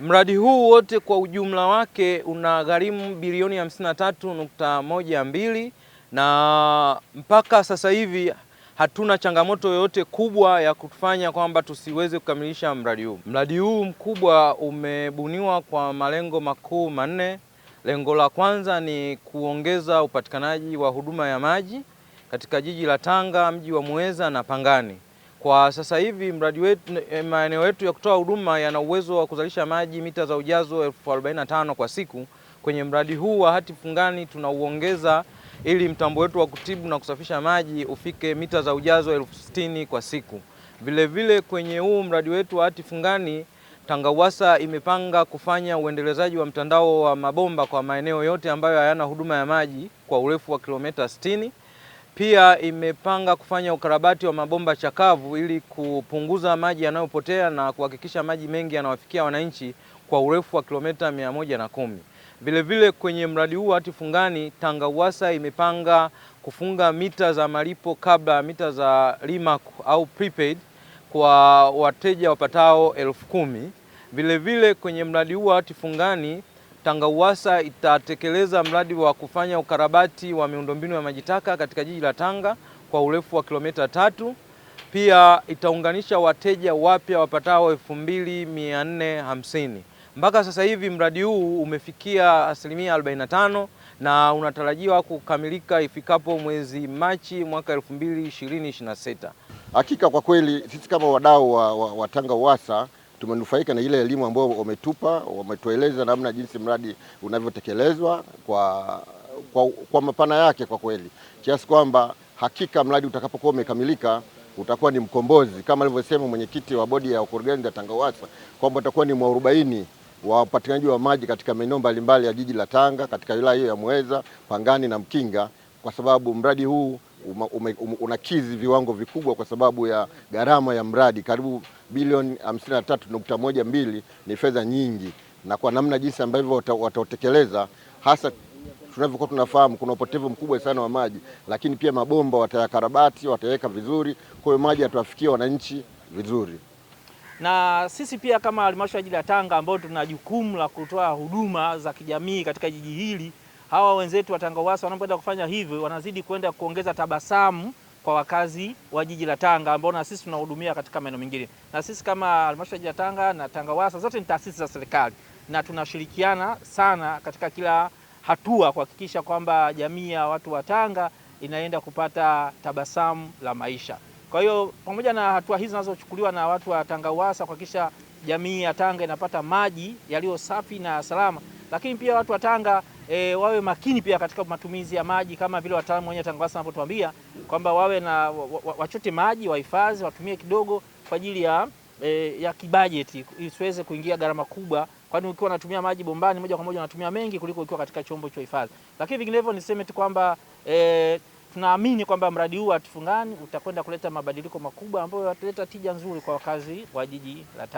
Mradi huu wote kwa ujumla wake una gharimu bilioni 53.12 na mpaka sasa hivi hatuna changamoto yoyote kubwa ya kutufanya kwamba tusiweze kukamilisha mradi huu. Mradi huu mkubwa umebuniwa kwa malengo makuu manne. Lengo la kwanza ni kuongeza upatikanaji wa huduma ya maji katika jiji la Tanga, mji wa Muheza na Pangani. Kwa sasa hivi mradi wetu, eh, maeneo yetu ya kutoa huduma yana uwezo wa kuzalisha maji mita za ujazo 1045 45 kwa siku. Kwenye mradi huu wa hati fungani tunauongeza ili mtambo wetu wa kutibu na kusafisha maji ufike mita za ujazo 1060 60 kwa siku. Vilevile vile kwenye huu mradi wetu wa hati fungani TANGAUWASA imepanga kufanya uendelezaji wa mtandao wa mabomba kwa maeneo yote ambayo hayana huduma ya maji kwa urefu wa kilomita 60. Pia imepanga kufanya ukarabati wa mabomba chakavu ili kupunguza maji yanayopotea na kuhakikisha maji mengi yanawafikia wananchi kwa urefu wa kilomita mia moja na kumi. Vilevile kwenye mradi huu hati fungani, Tanga Uwasa imepanga kufunga mita za malipo kabla ya mita za lima au prepaid kwa wateja wapatao elfu kumi. Vilevile kwenye mradi huu hati fungani Tanga Uwasa itatekeleza mradi wa kufanya ukarabati wa miundombinu ya maji taka katika jiji la Tanga kwa urefu wa kilomita tatu. Pia itaunganisha wateja wapya wapatao 2450. Mpaka sasa hivi mradi huu umefikia asilimia 45 na unatarajiwa kukamilika ifikapo mwezi Machi mwaka 2026. Hakika kwa kweli sisi kama wadau wa, wa, wa Tanga Uwasa tumenufaika na ile elimu ambayo wametupa, wametueleza namna jinsi mradi unavyotekelezwa kwa, kwa, kwa mapana yake kwa kweli, kiasi kwamba hakika mradi utakapokuwa umekamilika utakuwa ni mkombozi kama alivyosema mwenyekiti wa bodi ya ukurugenzi ya TANGAWASA kwamba utakuwa ni mwarobaini wa upatikanaji wa maji katika maeneo mbalimbali ya jiji la Tanga katika wilaya hiyo ya Muheza, Pangani na Mkinga, kwa sababu mradi huu unakidhi viwango vikubwa kwa sababu ya gharama ya mradi karibu bilioni 53.12 ni fedha nyingi, na kwa namna jinsi ambavyo watatekeleza hasa tunavyokuwa tunafahamu kuna upotevu mkubwa sana wa maji, lakini pia mabomba watayakarabati, wataweka vizuri, kwa hiyo maji yatawafikia wananchi vizuri. Na sisi pia kama halmashauri ya jiji la Tanga ambao tuna jukumu la kutoa huduma za kijamii katika jiji hili hawa wenzetu wa Tanga Uwasu wanapoenda kufanya hivyo, wanazidi kwenda kuongeza tabasamu kwa wakazi wa jiji la Tanga ambao na sisi tunahudumia katika maeneo mengine. Na sisi kama halmashauri ya Tanga na Tanga zote ni taasisi za serikali na tunashirikiana sana katika kila hatua kuhakikisha kwamba jamii ya watu wa Tanga inaenda kupata tabasamu la maisha. Kwa hiyo pamoja na hatua hizi zinazochukuliwa na watu wa Tanga Uwasu kuhakikisha jamii ya Tanga inapata maji yaliyo safi na salama, lakini pia watu wa Tanga e, wawe makini pia katika matumizi ya maji kama vile wataalamu wenye TANGWASA wanapotuambia kwamba wawe na wachote maji wahifadhi, watumie kidogo kwa ajili ya, e, ya kibajeti isiweze kuingia gharama kubwa, kwani ukiwa unatumia maji bombani moja kwa moja unatumia mengi kuliko ukiwa katika chombo cha hifadhi. Lakini vinginevyo niseme tu kwamba e, tunaamini kwamba mradi huu wa Tufungani utakwenda kuleta mabadiliko makubwa ambayo yataleta tija nzuri kwa wakazi wa jiji la